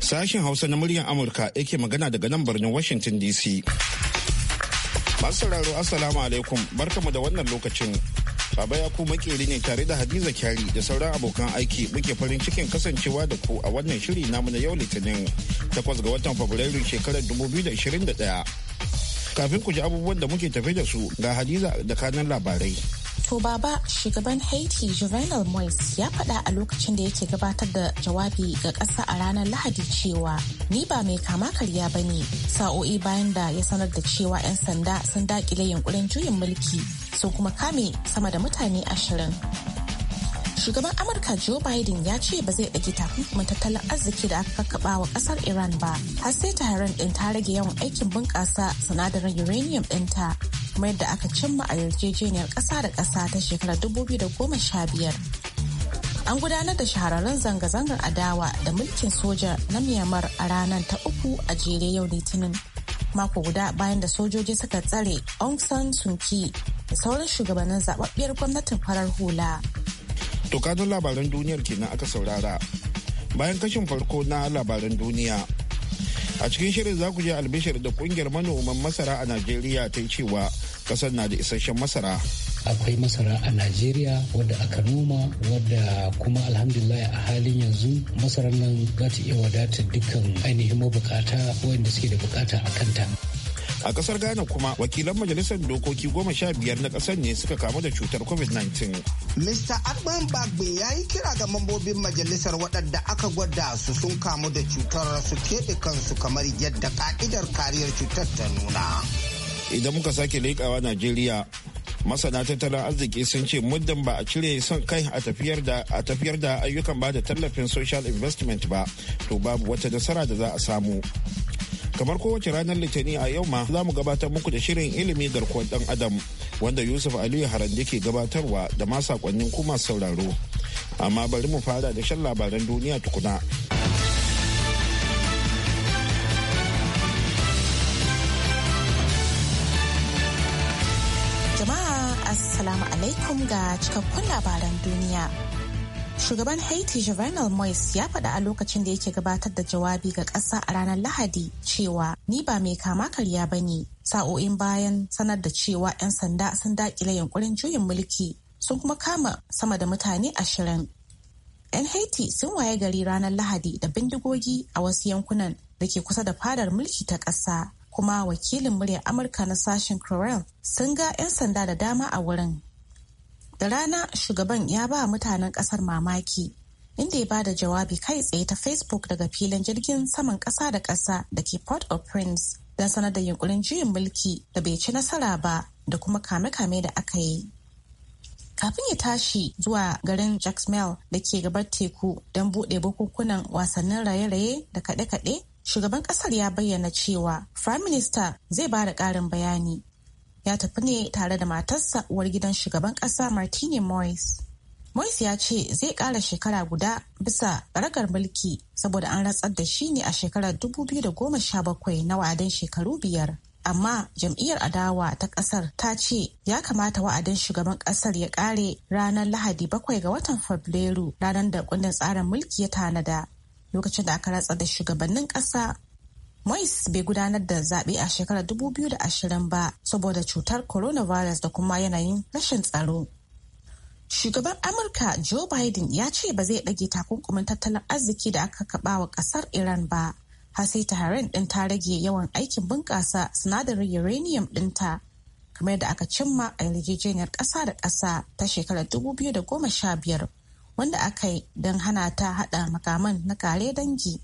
Sashen Hausa na muryar Amurka yake magana daga nan birnin Washington DC. Masu Assalamu alaikum barkamu da wannan lokacin. Baba ya ku makeri ne tare da Hadiza Kyari da sauran abokan aiki muke farin cikin kasancewa da ku a wannan shiri namu na yau Litinin 8 ga watan Fabrairu shekarar 2021. Kafin ku ji abubuwan da muke tafe da su ga Hadiza da kanan labarai. To baba shugaban Haiti Jovenel Moise ya faɗa a lokacin da yake gabatar da jawabi ga ƙasa a ranar Lahadi cewa ni ba mai kama karya ba ne sa'o'i bayan da ya sanar da cewa 'yan sanda sun daƙile yunkurin juyin mulki sun kuma kame sama da mutane ashirin. shugaban amurka joe biden ya ce ba zai dage takunkumin tattalin arziki da aka kaba wa ƙasar iran ba har sai taharan din ta rage yawan aikin bunƙasa sinadarin uranium dinta kuma yadda aka cimma a yarjejeniyar kasa da kasa ta shekarar 2015 an gudanar da shahararren zanga-zangar adawa da mulkin soja na myanmar a ranar ta uku a jere yau litinin mako guda bayan da sojoji suka tsare aung san suu da sauran shugabannin zababbiyar gwamnatin farar hula To kanun labaran duniyar kenan aka saurara. Bayan kashin farko na labaran duniya. A cikin shirin za ku je albishir da kungiyar manoman masara a Najeriya ta yi cewa kasar na da isasshen masara. akwai masara a najeriya wadda aka noma wadda kuma alhamdulillah a halin yanzu masarar nan za ta iya wadatar dukkan ainihin mabukata wayanda suke da bukata a kanta a kasar ghana kuma wakilan majalisar dokoki goma sha biyar na kasar ne suka kamu da cutar covid-19 mr adman bagbe ya yi kira ga mambobin majalisar waɗanda aka gwada su sun kamu da cutar su keɓe kansu kamar yadda ka'idar kariyar cutar ta nuna idan muka sake leƙawa najeriya masana tattalin arziki sun ce muddin ba a cire son kai a tafiyar da a tafiyar da ayyukan ba da tallafin social investment ba to babu wata nasara da za a samu kamar kowace ranar litinin a yau ma za mu gabatar muku da shirin ilimi garkuwar dan adam wanda yusuf aliyu harande ke gabatarwa da ma sakonnin kuma sauraro amma bari mu fara da shan labaran duniya tukuna jama'a assalamu alaikum ga cikakkun labaran duniya Shugaban Haiti Jovenel Moise ya faɗa a lokacin da yake gabatar da jawabi ga ƙasa a ranar Lahadi cewa ni ba mai kama karya ba ne. Sa'o'in bayan sanar da cewa 'yan sanda sun daƙile yankurin juyin mulki sun kuma kama sama da mutane ashirin. 'Yan Haiti sun waye gari ranar Lahadi da bindigogi a wasu yankunan da ke kusa da fadar mulki ta ƙasa. Kuma wakilin muryar Amurka na sashen Crowell sun ga 'yan sanda da dama a wurin Da rana shugaban ya ba mutanen kasar mamaki inda ya bada jawabi kai tsaye ta Facebook daga filin jirgin saman kasa da kasa da ke Port of Prince don sanar da yunkurin juyin mulki da bai ci nasara ba da kuma kame-kame da aka yi. Kafin ya tashi zuwa garin Jacksmel da ke gabar teku don buɗe bukukunan wasannin raye-raye da kaɗe-kaɗe, shugaban ƙasar ya bayyana cewa Prime Minister zai ba da ƙarin bayani ya tafi ne tare da matarsa uwar gidan shugaban kasa martini moise moise ya ce zai kara shekara guda bisa ragar mulki saboda an ratsar da shi ne a shekarar 2017 na wa'adin shekaru biyar. amma jam'iyyar adawa ta kasar ta ce ya kamata wa'adin shugaban kasar ya kare ranar lahadi bakwai ga watan fabrairu ranar da kundin tsarin mulki ya tanada lokacin da aka ratsar da shugabannin kasa Moise bai gudanar da zaɓe a shekarar 2020 ba saboda cutar coronavirus da kuma yanayin rashin tsaro. Shugaban Amurka Joe Biden ya ce ba zai ɗage takunkumin tattalin arziki da aka kaɓa wa ƙasar Iran ba. Har sai harin ɗin ta rage yawan aikin bunƙasa sinadarin uranium ɗinta. kamar da aka cimma a yarjejeniyar ƙasa da ƙasa ta shekarar 2015 wanda aka yi don hana ta haɗa makaman na kare dangi.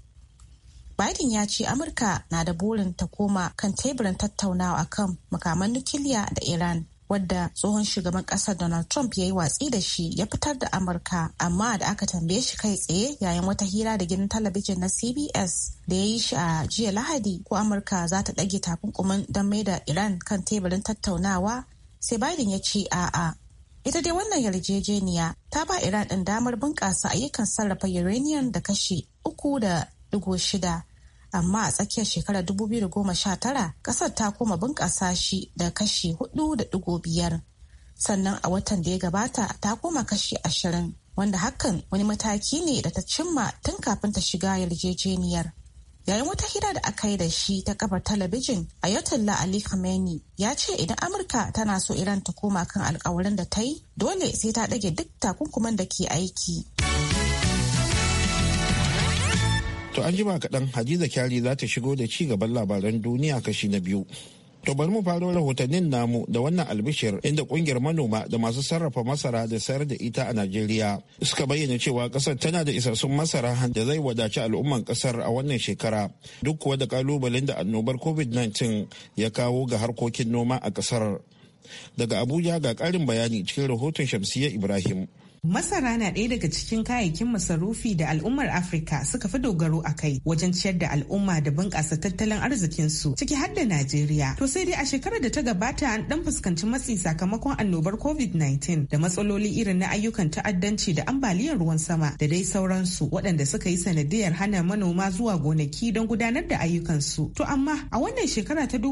Biden ya ce Amurka na da burin ta koma kan teburin tattaunawa akan makaman nukiliya da Iran. wadda tsohon shugaban kasar Donald Trump ya yi watsi da shi ya fitar da Amurka amma da aka tambaye shi kai tsaye yayin wata hira da gidan talabijin na CBS da ya yi shi a jiya Lahadi ko Amurka za ta ɗage takunkumin don mai da Iran kan teburin tattaunawa sai Biden ya ce a'a. Ita dai wannan yarjejeniya ta ba Iran ɗin damar bunƙasa ayyukan sarrafa uranium da kashi uku da digo shida amma a tsakiyar shekarar 2019 kasar ta koma bunƙasa shi da kashi 4.5 sannan a watan da ya gabata ta koma kashi 20 wanda hakan wani mataki ne da ta cimma tun kafin ta shiga yarjejeniyar yayin wata hira da aka yi da shi ta kafar talabijin ayatollah ali khamenei ya ce idan amurka tana so iran ta koma kan alkawarin da ta yi dole sai ta ɗage duk takunkuman da ke aiki. To an jima kaɗan Hadiza Kyari za ta shigo da ci gaban labaran duniya kashi na biyu. To bari mu faro rahotannin namu da wannan albishir inda kungiyar manoma da masu sarrafa masara da sayar da ita a Najeriya suka bayyana cewa kasar tana da isassun masara da zai wadaci al'umman kasar a wannan shekara duk kuwa da kalubalen da annobar COVID-19 ya kawo ga harkokin noma a kasar. Daga Abuja ga ƙarin bayani cikin rahoton Shamsiyya Ibrahim. Masara na ɗaya daga cikin kayayyakin masarufi da al'ummar Afirka suka fi dogaro a kai wajen ciyar da al'umma da bunƙasa tattalin arzikinsu ciki har da Najeriya. To sai dai a shekarar da ta gabata an ɗan fuskanci matsi sakamakon annobar COVID-19 da matsaloli irin na ayyukan ta'addanci da ambaliyar ruwan sama da dai sauransu waɗanda suka yi sanadiyar hana manoma zuwa gonaki don gudanar da ayyukansu. To amma a wannan shekara ta da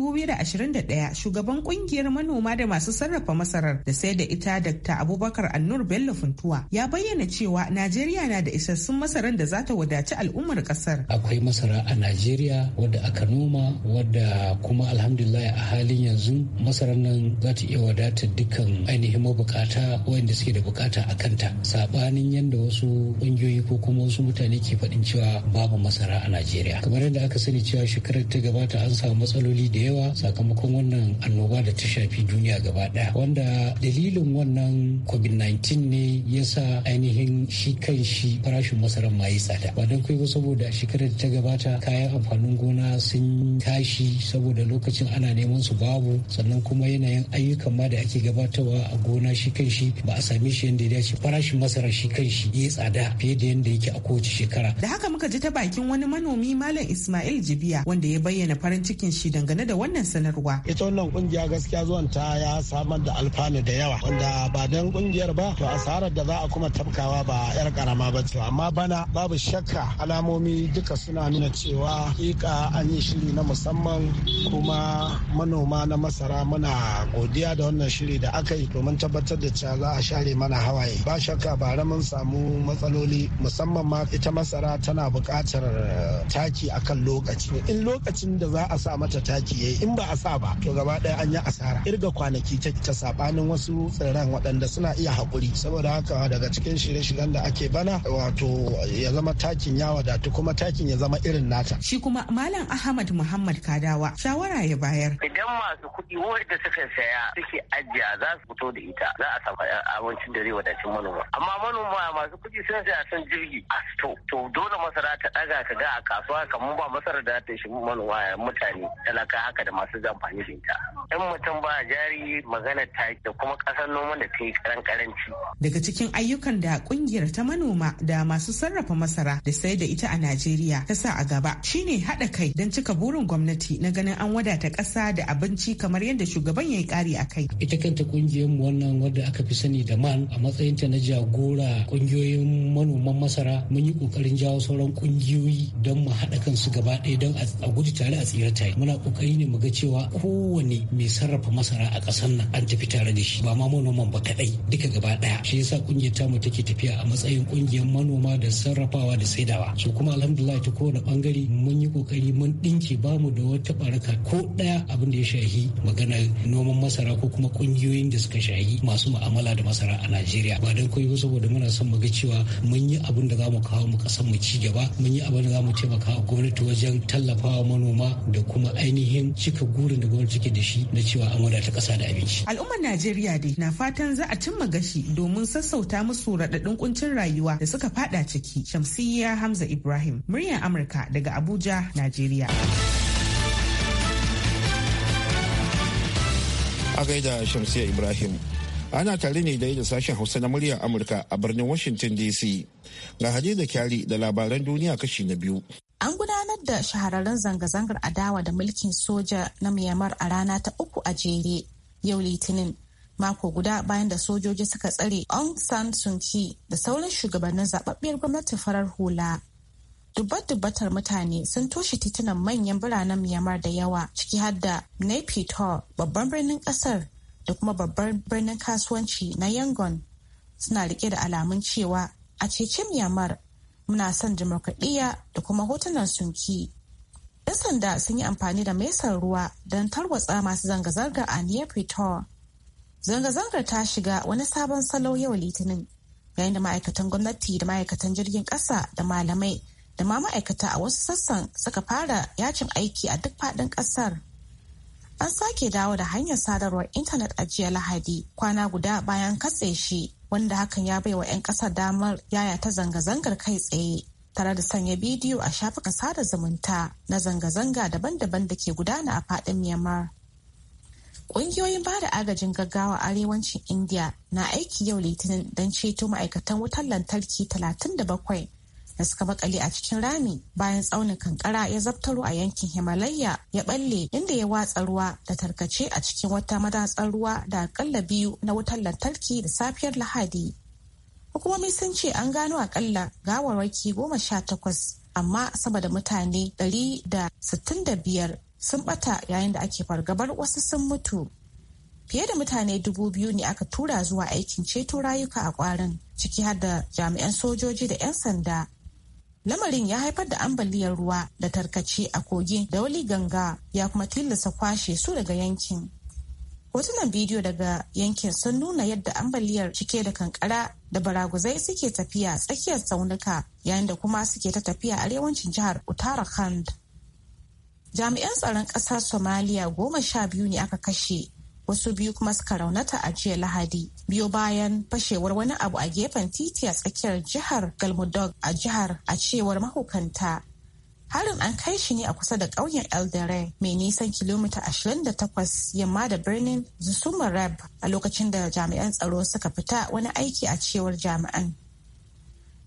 ɗaya, shugaban ƙungiyar manoma da masu sarrafa masarar da sai da ita Dr. Abubakar Annur Bello mutuwa ya bayyana cewa najeriya na da isassun masaran da za ta wadaci al'ummar kasar akwai masara a najeriya wadda aka noma wadda kuma alhamdulillah a halin yanzu masarar nan za ta iya wadata dukkan ainihin mabukata wanda suke da bukata a kanta sabanin yadda wasu ƙungiyoyi ko kuma wasu mutane ke faɗin cewa babu masara a najeriya kamar yadda aka sani cewa shekarar ta gabata an samu matsaloli da yawa sakamakon wannan annoba da ta shafi duniya gaba ɗaya wanda dalilin wannan covid-19 ne yasa ainihin shi kan shi farashin masarar ma yi tsada ba don kai ba saboda a shekarar da ta gabata kayan amfanin gona sun tashi saboda lokacin ana neman su babu sannan kuma yanayin ayyukan ma da ake gabatarwa a gona shi kan shi ba a same shi yadda ya dace farashin masarar shi kan shi ya tsada fiye da yadda yake a kowace shekara da haka muka ji ta bakin wani manomi malam ismail jibiya wanda ya bayyana farin cikin shi dangane da wannan sanarwa ita wannan kungiya gaskiya zuwan ta ya samar da alfanu da yawa wanda ba dan kungiyar ba to asarar da za a kuma tabkawa ba 'yar karama ba ce amma bana babu shakka alamomi duka suna nuna cewa kika an yi shiri na musamman kuma manoma na masara muna godiya da wannan shiri da aka yi domin tabbatar da cewa za a share mana hawaye ba shakka bara mun samu matsaloli musamman ma ita masara tana buƙatar taki akan lokaci in lokacin da za a sa mata taki yayi in ba a sa ba to gaba ɗaya an yi asara irga kwanaki ta saɓanin wasu tsirran waɗanda suna iya haƙuri saboda haka sakawa daga cikin shirye-shiryen da ake bana wato ya zama takin ya wadatu kuma takin ya zama irin nata. Shi kuma Malam Ahmad Muhammad Kadawa shawara ya bayar. Idan masu kuɗi wanda suka saya suke ajiya za su fito da ita za a samu abincin da zai wadacin manoma. Amma manoma masu kuɗi sun saya sun jirgi a suto. To dole masara ta ɗaga ka ga a kasuwa kamar ba masara da ta shi manoma mutane talaka haka da masu zamfani da ita. In mutum ba jari magana ta da kuma ƙasar noman da ta yi karan karanci. Daga ciki cikin ayyukan da kungiyar ta manoma da masu sarrafa masara da sai da ita a Najeriya ta sa a gaba shine haɗa kai don cika burin gwamnati na ganin an wadata ƙasa da abinci kamar yadda shugaban ya yi ƙari a kai. Ita kanta kungiyar mu wannan wadda aka fi sani da MAN a matsayin ta na jagora kungiyoyin manoman masara mun yi ƙoƙarin jawo sauran kungiyoyi don mu haɗa kansu gaba ɗaya don a gudu tare a tsira tare. Muna ƙoƙari ne mu ga cewa kowane mai sarrafa masara a ƙasar nan an tafi tare da shi ba ma manoman ba kaɗai duka gaba ɗaya. Shi yasa kungiyar tamu take tafiya a matsayin kungiyar manoma da sarrafawa da saidawa su kuma alhamdulillah ta kowane bangare mun yi kokari mun dinki bamu da wata baraka ko daya abin da ya shahi magana noman masara ko kuma kungiyoyin da suka shahi masu ma'amala da masara a Najeriya ba dan koyi saboda muna son mu ga cewa mun yi abin da zamu kawo mu kasan mu ci gaba mun yi abin da zamu taimaka wa gwamnati wajen tallafawa manoma da kuma ainihin cika gurin da gwamnati ke da shi na cewa an wadata kasa da abinci al'ummar Najeriya dai na fatan za a cimma gashi domin sassa sassauta musu raɗaɗin kuncin rayuwa da suka fada ciki. Shamsiyya Hamza Ibrahim, muryar Amurka daga Abuja, Najeriya. A gaida Shamsiyya Ibrahim. Ana tare ne dai da sashen Hausa na muryar Amurka a birnin Washington DC. Ga Hadiza Kyari da labaran duniya kashi na biyu. An gudanar da shahararren zanga-zangar adawa da mulkin soja na Myanmar a rana ta uku a jere yau Litinin. mako guda bayan da sojoji suka tsare Aung San Suu Kyi da sauran shugabannin zababbiyar gwamnati farar hula. dubbar dubbatar mutane sun toshe titunan manyan biranen Myanmar da yawa ciki har da Naypyidaw babban birnin kasar da kuma babban birnin kasuwanci na Yangon suna rike da alamun cewa a cece Myanmar muna son demokradiyya da kuma hotunan sunki. 'Yan sanda sun yi amfani da mesar ruwa don tarwatsa masu zanga-zanga a Naypyidaw Zanga-zangar ta shiga wani sabon salo yau litinin yayin da ma'aikatan gwamnati da ma'aikatan jirgin ƙasa da malamai da ma ma'aikata a wasu sassan suka fara yakin aiki a duk faɗin ƙasar. An sake dawo da hanyar sadarwar intanet a jiya Lahadi kwana guda bayan katse shi wanda hakan ya baiwa 'yan ƙasar damar yaya ta zanga-zangar kai tsaye tare da sanya bidiyo a shafukan sada zumunta na zanga-zanga daban-daban da ke gudana a faɗin Myanmar. Ƙungiyoyin bada agajin gaggawa arewacin India na aiki yau litinin don ceto ma'aikatan wutar lantarki 37 da suka makale a cikin rami bayan tsaunin kankara ya zabtaro a yankin Himalaya ya balle inda ya watsa ruwa da tarkace a cikin wata madatsar ruwa da akalla biyu na wutar lantarki da safiyar Lahadi. Hukumomi sun ce an gano akalla gawarwaki goma sha takwas amma sama da mutane 165 sun bata yayin da ake fargabar wasu sun mutu fiye da mutane dubu biyu ne aka tura zuwa aikin ceto rayuka a kwarin ciki har da jami'an sojoji da 'yan sanda lamarin ya haifar da ambaliyar ruwa da tarkace a kogi da wali ganga ya kuma tilasta kwashe su daga yankin hotunan bidiyo daga yankin sun nuna yadda ambaliyar cike da kankara da baraguzai suke tafiya tsakiyar tsaunuka yayin da kuma suke ta tafiya arewacin jihar uttarakhand jami'an tsaron ƙasar somaliya goma sha biyu ne aka kashe wasu biyu kuma suka raunata a jiya lahadi biyo bayan fashewar wani abu a gefen titi a tsakiyar jihar galmudog a jihar a cewar mahukanta harin an kai shi ne a kusa da ƙauyen eldere mai nisan kilomita 28 yamma da birnin zusumarab a lokacin da jami'an tsaro suka fita wani aiki a cewar jami'an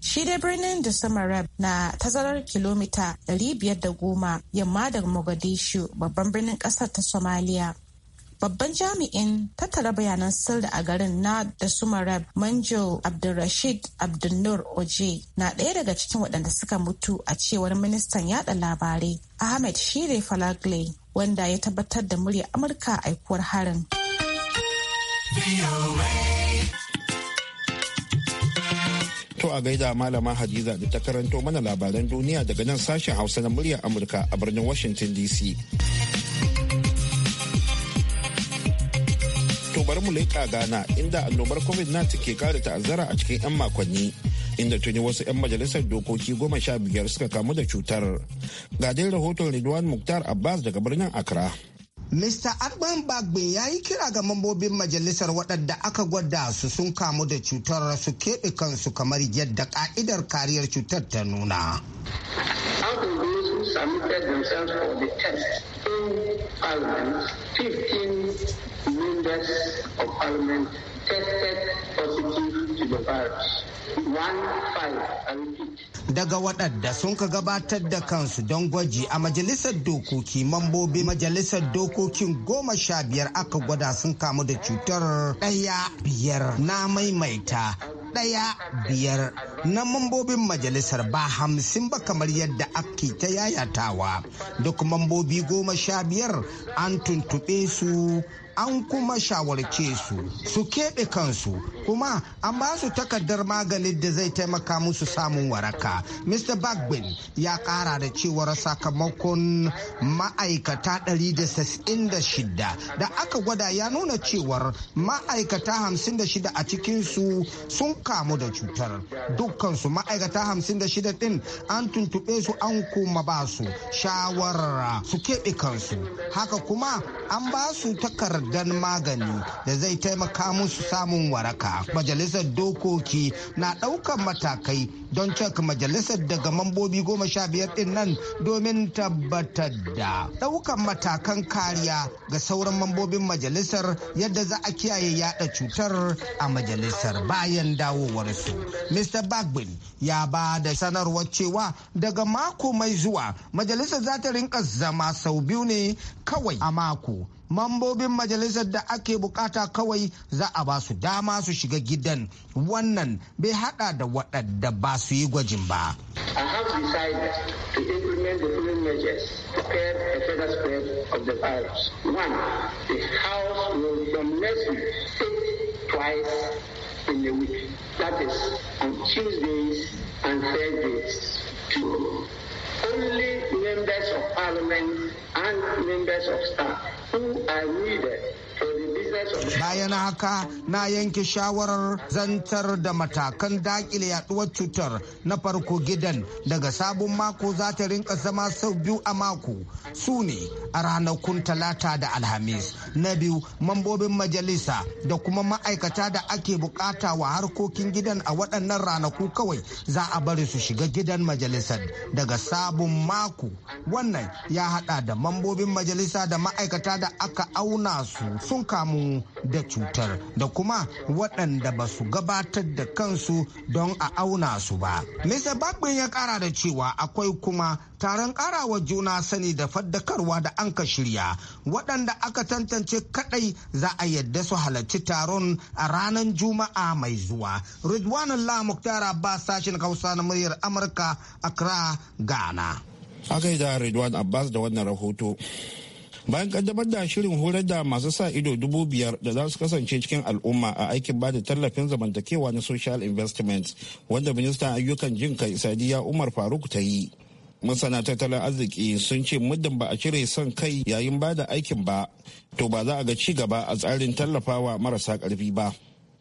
Shi dai birnin Dusamareb na tazarar kilomita 510 yamma da Mogadishu babban birnin kasar ta Somalia. Babban jami'in tattara bayanan sirri a garin na sumarab Manjo Abdulrashid Abdulnur Oje na ɗaya daga cikin waɗanda suka mutu a cewar ministan yada labarai Ahmed Shire Falagle wanda ya tabbatar da murya Amurka aikuwar harin. a gaida malama Hadiza da ta karanto mana labaran duniya daga nan sashen Hausa na muryar Amurka a birnin Washington DC. To bari mu leƙa Ghana inda annobar COVID-19 ke kara ta'azzara a cikin 'yan makonni. Inda tuni wasu 'yan majalisar dokoki goma sha biyar suka kamu da cutar. Ga dai rahoton Ridwan Muktar Abbas daga birnin Accra. Mr. Arban bagbin ya yi kira ga mambobin majalisar waɗanda aka gwada su sun kamu da cutar su keɓe kansu kamar yadda ka'idar kariyar cutar ta nuna. sami members of Parliament tested positive to the virus. Daga waɗanda sun ka gabatar da kansu don gwaji a majalisar dokoki mambobi majalisar dokokin goma sha biyar aka gwada sun kamu da cutar ɗaya biyar na maimaita ɗaya biyar na mambobin majalisar ba hamsin ba kamar yadda ake ta yayatawa duk mambobi goma sha biyar an tuntuɓe su an kuma shawarce su su keɓe kansu kuma an ba su takardar maganin da zai taimaka musu samun waraka mr bagbin ya kara da cewar sakamakon ma'aikata 166 da aka gwada ya nuna cewar ma'aikata 56 a cikinsu sun kamu da cutar dukkansu ma'aikata 56 din an tuntuɓe su an kuma ba su shawarar su keɓe kansu haka kuma an ba su takardar takardar magani da zai taimaka musu samun waraka majalisar dokoki na ɗaukan matakai don cak majalisar daga mambobi goma sha biyar din nan domin tabbatar da ɗaukan matakan kariya ga sauran mambobin majalisar yadda za a kiyaye yada cutar a majalisar bayan dawowar su mr bagbin ya ba da sanarwar cewa daga mako mai zuwa majalisar za ta rinka zama sau biyu ne kawai a mako mambobin majalisar da ake bukata kawai za a ba su dama su shiga gidan wannan bai hada da waɗanda ba su yi gwajin ba. I have decided to implement the following measures to curb the further spread of the virus. One, the House will from next week twice in a week. That is on Tuesdays and Thursdays. Two, only members of parliament and members of staff who are it. Bayan haka na yanke shawarar zantar da matakan dakile yaduwar cutar na farko gidan daga sabon mako za ta rinka zama sau biyu a mako su ne a ranakun talata da alhamis. Na biyu mambobin majalisa da kuma ma'aikata da ake bukata wa harkokin gidan a waɗannan ranaku kawai za a bari su shiga gidan majalisar daga sabon mako. Wannan ya haɗa da mambobin majalisa da ma'aikata da aka auna su sun kamu da cutar da kuma waɗanda ba su gabatar da kansu don a auna su ba. Mr. Bagbin ya kara da cewa akwai kuma taron karawa juna sani da faddakarwa da an ka shirya waɗanda aka tantance kadai za a yadda su halarci taron a ranar juma'a mai zuwa. Ridwanullah Muktar Abbas sashen Hausa na muryar Amurka Accra, Ghana. A da Ridwan Abbas da wannan rahoto. bayan kaddamar da shirin horar da masu sa ido dubu biyar da za su kasance cikin al'umma a aikin bada tallafin zamantakewa na social investment wanda ministan ayyukan jin kai sadiya umar faruk ta yi masana tattalin arziki sun ce muddin ba a cire son kai yayin bada aikin ba to ba za a ga ci gaba a tsarin tallafawa marasa karfi ba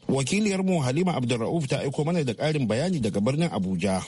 wakiliyarmu halima abdulra'uf ta aiko mana da karin bayani daga birnin abuja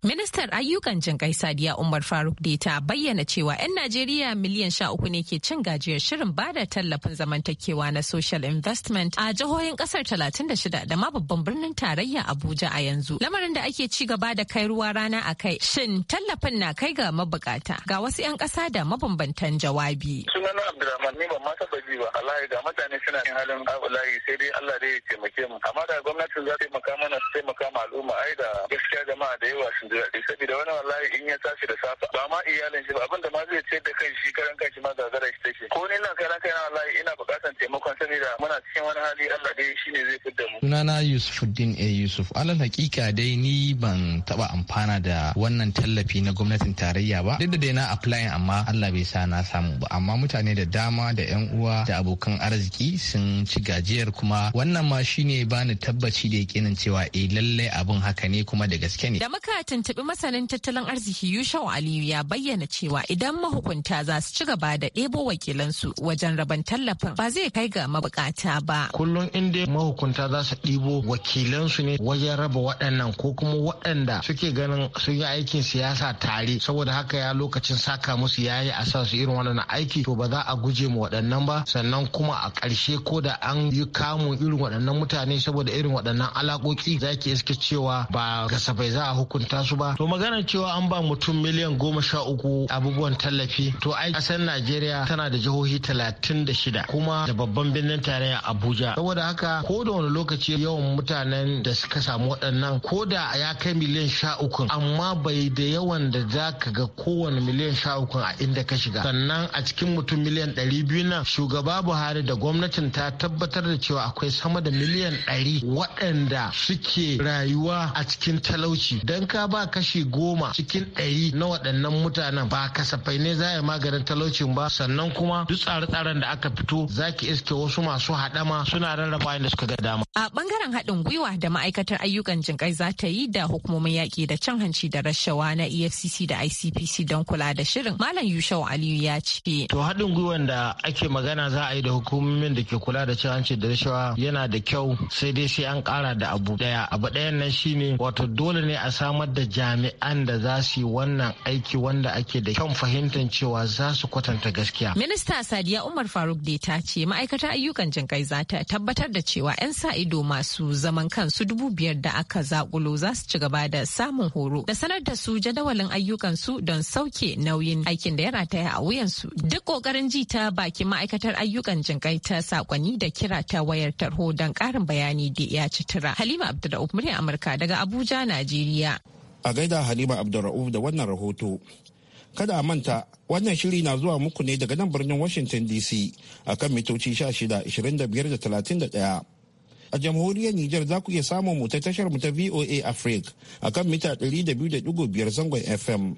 Ministar ayyukan jin kai Sadiya Umar Faruk da ta bayyana cewa 'yan Najeriya miliyan sha uku ne ke cin gajiyar shirin bada tallafin zamantakewa na social investment a jihohin kasar 36 da ma babban birnin tarayya Abuja a yanzu. Lamarin da ake ci gaba da kai ruwa rana a kai. Shin tallafin na kai ga mabukata ga wasu 'yan ƙasa da mabambantan jawabi. Sunana Abdulrahman ni ban ma taɓa ji ba. Allah ga mutane suna yin halin abulayi sai dai Allah dai ya taimake mu. Amma da gwamnatin za ta taimaka mana su taimaka ma al'umma ai da gaskiya jama'a da yawa sun ji saboda wani wallahi in ya tashi da safa ba ma iyalin shi ba abinda ma zai ce da kai shi karan kai shi ma zazara shi take ko ni na karan kai na wallahi ina buƙatar taimakon saboda muna cikin wani hali Allah dai ne zai fidda mu sunana Yusufuddin A Yusuf alal hakika dai ni ban taba amfana da wannan tallafi na gwamnatin tarayya ba duk da dai na apply amma Allah bai sa na samu ba amma mutane da dama da ƴan uwa da abokan arziki sun ci gajiyar kuma wannan ma shine bani tabbaci da yakinin cewa eh lallai abin haka ne kuma da gaske ne da muka tuntubi masanin tattalin arziki Yushau Aliyu ya bayyana cewa idan mahukunta za su ci gaba da ɗebo wakilansu wajen rabon tallafin ba zai kai ga mabukata ba. Kullum inda mahukunta za su ɗibo wakilansu ne wajen raba waɗannan ko kuma waɗanda suke ganin sun yi aikin siyasa tare saboda haka ya lokacin saka musu ya yi a sa su irin wannan aiki to ba za a guje mu waɗannan ba sannan kuma a ƙarshe ko da an yi kamun irin waɗannan mutane saboda irin waɗannan alaƙoƙi za ki iske cewa ba bai za a hukunta su su ba to magana cewa an ba mutum miliyan goma sha uku abubuwan tallafi to ai kasar najeriya tana da jihohi talatin da shida kuma da babban birnin tarayya abuja saboda haka ko da wani lokaci yawan mutanen da suka samu waɗannan ko da ya kai miliyan sha uku amma bai da yawan da za ka ga kowane miliyan sha uku a inda ka shiga sannan a cikin mutum miliyan ɗari biyu nan shugaba buhari da gwamnatin ta tabbatar da cewa akwai sama da miliyan ɗari waɗanda suke rayuwa a cikin talauci don ka ba ba kashi goma cikin ɗari na waɗannan mutanen ba kasafai ne za a maganin talaucin ba sannan kuma duk tsare-tsaren da aka fito za ki iske wasu masu haɗama suna rarraba da suka ga dama. A bangaren haɗin gwiwa da ma'aikatar ayyukan jinƙai za ta yi da hukumomin yaƙi da can hanci da rashawa na EFCC da ICPC don kula da shirin Malam Yushau Aliyu ya ce. To haɗin gwiwan da ake magana za a yi da hukumomin da ke kula da cin hanci da rashawa yana da kyau sai dai sai an ƙara da abu ɗaya. Abu ɗayan nan shine wato dole ne a samar da jami'an da za su yi wannan aiki wanda ake da kyan fahimtar cewa za su kwatanta gaskiya. Minista Sadiya Umar Faruk da ta ce ma'aikatar ayyukan jinkai za ta tabbatar da cewa 'yan sa ido masu zaman kansu dubu biyar da aka zakulo za su ci gaba da samun horo da sanar da su jadawalin ayyukansu don sauke nauyin aikin da ya rataya a wuyansu. Duk kokarin ji ta bakin ma'aikatar ayyukan kai ta sakonni da kira ta wayar tarho don karin bayani da ya ci tura. Halima Abdulrahman Amurka daga Abuja, Najeriya. A gaida Halima Abdulra'uf da wannan rahoto. Kada a manta wannan shiri na zuwa muku ne daga nan birnin Washington DC a kan mitoci 16, 25 da 31. a jamhuriyar Nijar za ku iya samun mu ta tashar mu ta VOA Africa a kan mita 200.5 zangon FM.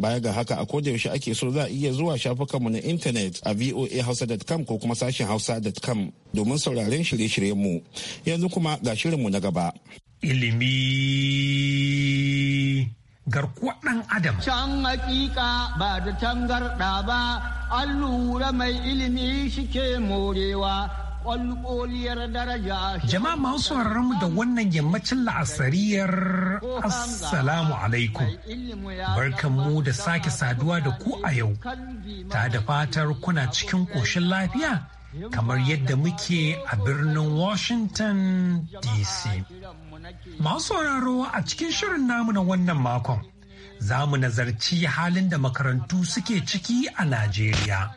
Baya ga haka a koda yaushe ake so za a iya zuwa shafukanmu na intanet a voahausa.com ko kuma sashen hausa.com domin sauraren shirye-shiryen mu. Yanzu kuma ga shirinmu na gaba. ilimi garkuwa ɗan adam. Can hakika ba da tangarɗa ba, an lura mai ilimi shike morewa. Jama'a masu mu da wannan yammacin la'asariyar Assalamu alaikum. Barkanmu da sake saduwa da ku a yau, ta da fatar kuna cikin ƙoshin lafiya kamar yadda muke a birnin Washington DC. Masu sauraro a cikin shirin namu na wannan makon, za mu nazarci halin da makarantu suke ciki a Najeriya.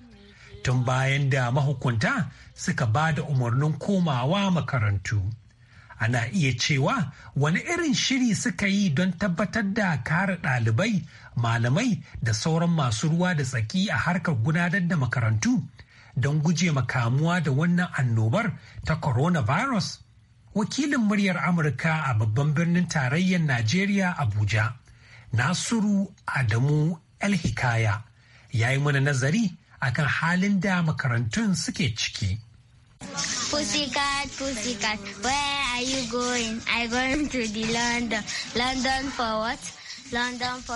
Tun bayan da mahukunta suka ba da umarnin komawa makarantu. Ana iya cewa wani irin shiri suka yi don tabbatar da kare ɗalibai, malamai da sauran masu ruwa da tsaki a harkar gudanar da makarantu. don guje ma kamuwa da wannan annobar ta coronavirus? Wakilin muryar Amurka a babban birnin tarayyar Najeriya Abuja, Nasiru Adamu Elhikaya, ya yi mana nazari a kan halin da makarantun suke ciki. Pussycat, pussycat, where are you going? I'm going to the London. London for what?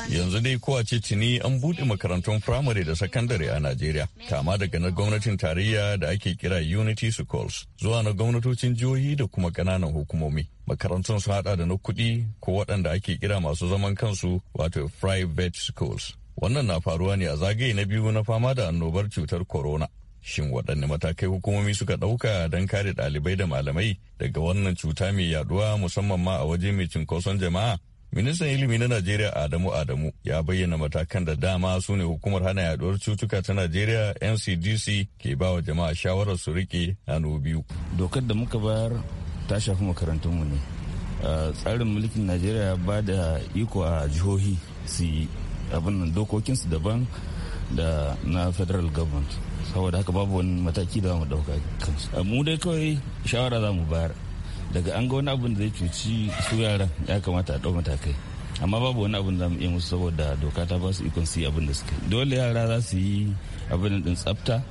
Yanzu dai kowa ce tuni an buɗe makarantun firamare da sakandare a Najeriya, kama daga na gwamnatin tarayya da ake kira Unity Schools zuwa na gwamnatocin jihohi da kuma ƙananan hukumomi. Makarantun sun haɗa da na kuɗi ko waɗanda ake kira masu zaman kansu wato private schools. Wannan na faruwa ne a zagaye na biyu na fama da annobar cutar corona. Shin waɗanne matakai hukumomi suka ɗauka don kare ɗalibai da malamai daga wannan cuta mai yaduwa musamman ma a waje mai cinkoson jama'a? Ministan ilimi na Najeriya Adamu Adamu ya bayyana matakan da dama su ne hukumar hana yaduwar cutuka ta Najeriya NCDC ke ba wa jama'a shawarar su rike hannu biyu. Dokar da muka bayar ta shafi makarantunmu ne. Tsarin mulkin Najeriya ba da iko a jihohi su yi abin nan dokokinsu daban da na federal government. Saboda haka babu wani mataki da mu dauka kansu. Mu dai kawai shawara za mu bayar. daga an ga wani abin da zai cuci su yaran ya kamata a ɗau matakai amma babu wani abin da mu iya musu saboda doka ta ba su ikon su yi abin da suke dole yara za su yi abin din tsafta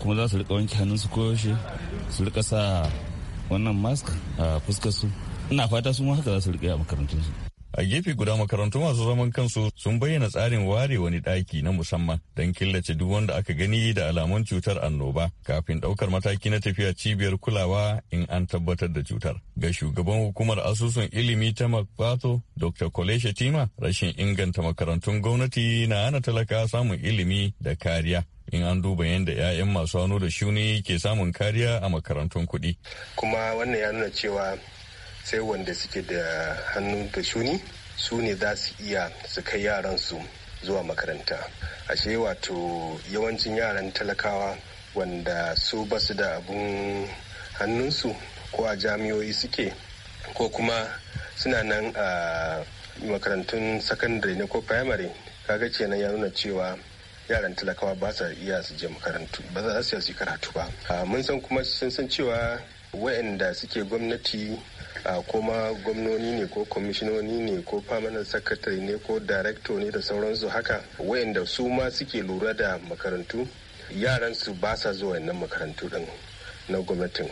kuma za su rika wanke hannun su koyaushe su rika sa wannan mask a fuskar su ina fata su ma haka za su rika a makarantun su A gefe guda makarantu masu zaman kansu sun bayyana tsarin ware wani daki na musamman don killace duk wanda aka gani da alamun cutar annoba kafin daukar mataki na tafiya cibiyar kulawa in an tabbatar da cutar. Ga shugaban hukumar asusun ilimi ta Makbato, Dr. kolesha Shatima, rashin inganta makarantun gwamnati na hana talaka samun ilimi da kariya. in an duba yadda 'ya'yan masu hannu da shuni ke samun kariya a makarantun kuɗi. Kuma wannan ya nuna cewa sai wanda suke da hannu da shuni su ne za su iya su kai yaran su zuwa makaranta ashe wato yawancin yaran talakawa wanda su basu da abun hannunsu ko a jami'oi suke ko kuma suna nan a makarantun sakandare ne ko primary kaga kenan ya nuna cewa yaran talakawa ba sa iya su je makarantu ba za su iya karatu ba mun san kuma sun san cewa waɗanda suke gwamnati kuma gwamnoni ne ko kwamishinoni ne ko permanent secretary ne ko director ne da sauransu haka waɗanda su ma suke lura da makarantu yaran su ba sa zuwa nan makarantu din na gwamnatin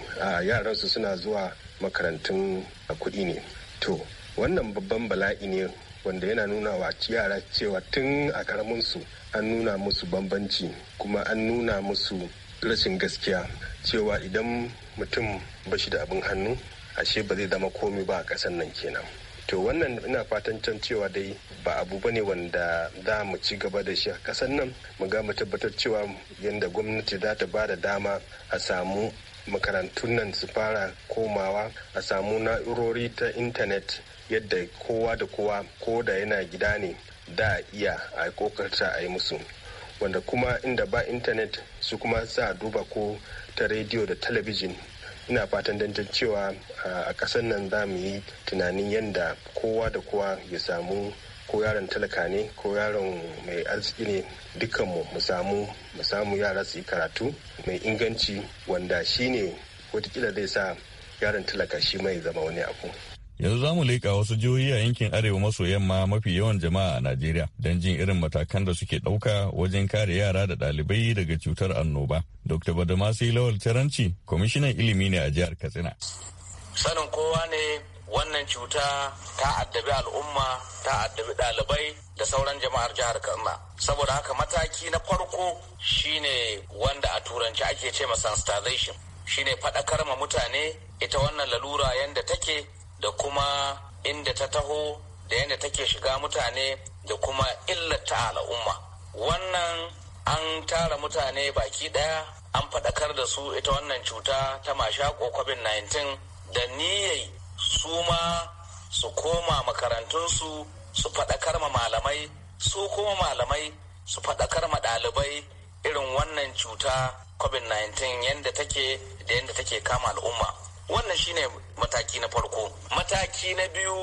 yaran su suna zuwa makarantun kuɗi ne to wannan babban bala'i ne wanda yana nuna wa yara cewa tun a karamin su an nuna musu bambanci kuma an nuna musu rashin gaskiya cewa idan mutum ba shi da abin hannu ashe ba zai zama komi ba a ƙasar nan kenan to wannan ina fatan can cewa dai ba abu ba ne wanda za mu ci gaba da shi a ƙasar nan mu ga mu tabbatar cewa yadda gwamnati za ta ba da dama a samu makarantun nan su fara komawa a samu na'urori ta intanet yadda kowa da kowa ko da yana gida ne da iya a kokarta a yi musu wanda kuma inda ba intanet su kuma sa duba ko ta rediyo da talabijin ina fatan dantar cewa a ƙasar nan za mu yi tunanin yadda kowa da kowa ya samu ko yaron talaka ne ko yaron mai arziki ne dukkanmu mu samu mu samu yara su yi karatu mai inganci wanda shine watakila zai sa yaron talaka shi mai zama wani abu Yanzu za mu leƙa wasu jihohi a yankin arewa maso yamma mafi yawan jama'a a Najeriya don jin irin matakan da suke ɗauka wajen kare yara da ɗalibai daga cutar annoba. Dr. Badamasi Lawal Taranci, kwamishinan ilimi ne a jihar Katsina. Sanin kowa ne wannan cuta ta addabi al'umma, ta addabi ɗalibai da sauran jama'ar jihar Katsina. Saboda haka mataki na farko shine wanda a turanci ake ce ma sensitization. Shine faɗakar ma mutane ita wannan lalura yanda take da kuma inda ta taho da yadda take shiga mutane da kuma illata al'umma wannan an tara mutane baki ɗaya an faɗakar da su ita wannan cuta ta mashako covid-19 da niyyai su ma su koma makarantunsu su faɗakar ma malamai su kuma malamai su faɗakar ma ɗalibai irin wannan cuta covid-19 yadda take da yadda take kama al'umma wannan shine mataki na farko mataki na biyu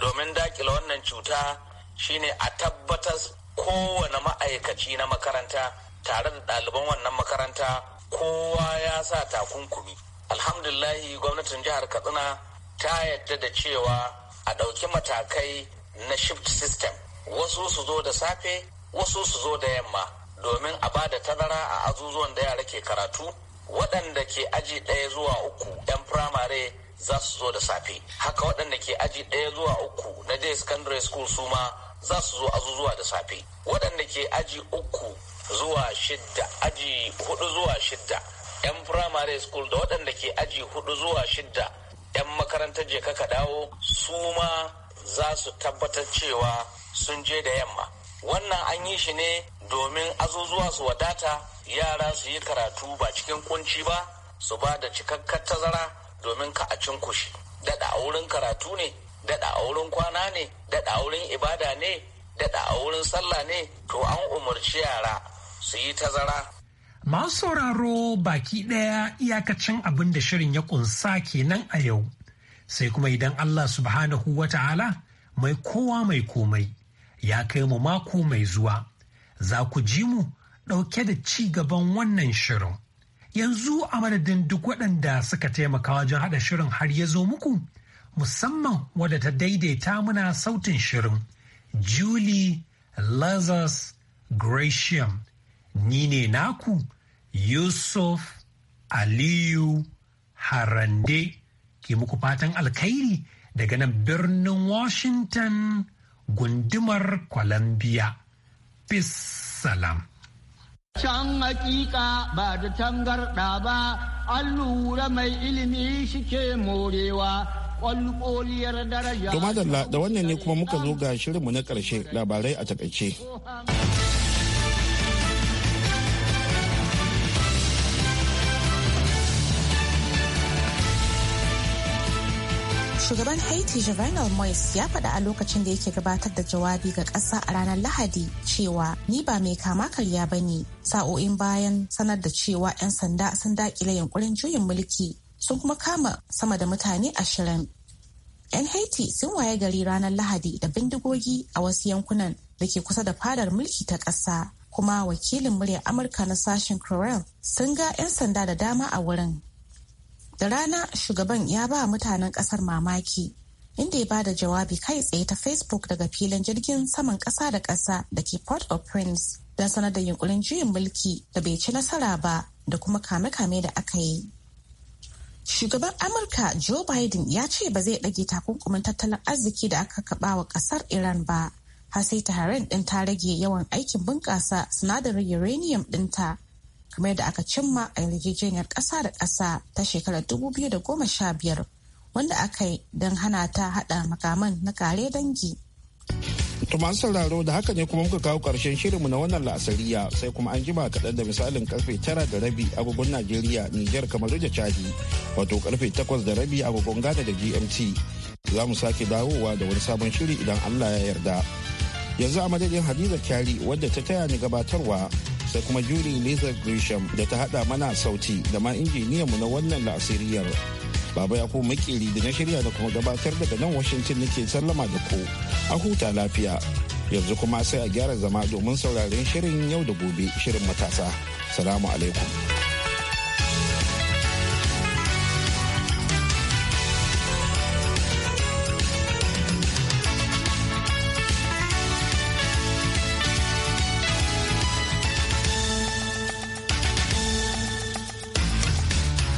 domin dakila wannan cuta shine a tabbatar kowane ma'aikaci na makaranta tare da ɗaliban wannan makaranta kowa ya sa takunkumi alhamdulillahi gwamnatin jihar katsina ta yadda da cewa a ɗauki matakai na shift system wasu su zo da safe wasu su zo da yamma domin a ba da tazara a azuzuwan da yara ke karatu waɗanda ke aji ɗaya zuwa uku 'yan firamare za su zo da safe haka waɗanda ke aji ɗaya zuwa uku na day secondary school su ma za su zo azuzuwa da safe waɗanda ke aji uku zuwa shidda aji hudu zuwa shidda 'yan firamare school da waɗanda ke aji hudu zuwa shidda 'yan makarantar je kaka dawo su ma za su tabbatar cewa sun je da yamma wannan an yi shi ne domin azuzuwa su wadata yara su yi karatu ba cikin kunci ba su ba da cikakkar tazara domin ka a cin kushi. daɗa a wurin karatu ne daɗa a wurin kwana ne daɗa a wurin ibada ne daɗa a wurin sallah ne to an umarci yara su yi tazara masu sauraro baki ɗaya iyakacin abin da shirin ya kunsa kenan a yau sai kuma idan allah subhanahu wa ta'ala mai kowa mai komai ya kai mu mako mai zuwa za ku ji mu ɗauke da ci gaban wannan shirin. Yanzu a madadin duk waɗanda suka taimaka wajen haɗa shirin har ya zo muku, musamman wadda ta daidaita muna sautin shirin. Julie Lazarus Gratiam, ni ne naku Yusuf Aliyu Harande, ke muku fatan alkhairi daga nan birnin Washington. gundumar Columbia. Peace salam. Can hakika ba da tangarɗa ba, an lura mai ilimi shike morewa, ƙwalƙoliyar daraja. da wannan ne kuma muka zo ga shirinmu na ƙarshe labarai a takaice. shugaban haiti jovenel moise ya faɗa a lokacin da yake gabatar da jawabi ga ƙasa a ranar lahadi cewa ni ba mai kama karya ba ne sa'o'in bayan sanar da cewa 'yan sanda sun daƙile yunkurin juyin mulki sun kuma kama sama da mutane ashirin 'yan haiti sun waye gari ranar lahadi da bindigogi a wasu yankunan da ke kusa da fadar mulki ta ƙasa kuma wakilin muryar amurka na sashen Crowell sun ga 'yan sanda da dama a wurin Da rana shugaban ya ba mutanen kasar mamaki inda ya bada jawabi kai tsaye ta Facebook daga filin jirgin saman kasa da kasa da ke Port of Prince don sanar da yunkurin juyin mulki da bai ci nasara ba da kuma kame-kame da aka yi. Shugaban Amurka Joe Biden ya ce ba zai dage takunkumin tattalin arziki da aka kaba wa ƙasar Iran ba, har sai harin din ta rage yawan aikin bunƙasa sinadarin uranium dinta. kamar yadda aka cimma a yarjejeniyar ƙasa da ƙasa ta shekarar 2015 wanda aka yi don hana ta haɗa makaman na kare dangi. To masu sauraro da haka ne kuma muka kawo ƙarshen shirinmu na wannan la'asariya sai kuma an jima kaɗan da misalin karfe tara da rabi agogon Najeriya, Nijar, kamar da Chadi, wato karfe takwas da rabi agogon Ghana da GMT. Za mu sake dawowa da wani sabon shiri idan Allah ya yarda. Yanzu a madadin Hadiza Kyari wadda ta taya ni gabatarwa sai kuma Julie Lizard Grisham da ta hada mana sauti da ma injiniyan mu na wannan la'asiriyar. Baba ya kuma da na shirya da kuma gabatar daga nan Washington nake sallama da ku. A huta lafiya. Yanzu kuma sai a gyara zama domin sauraren shirin yau da gobe shirin matasa. Salamu alaikum.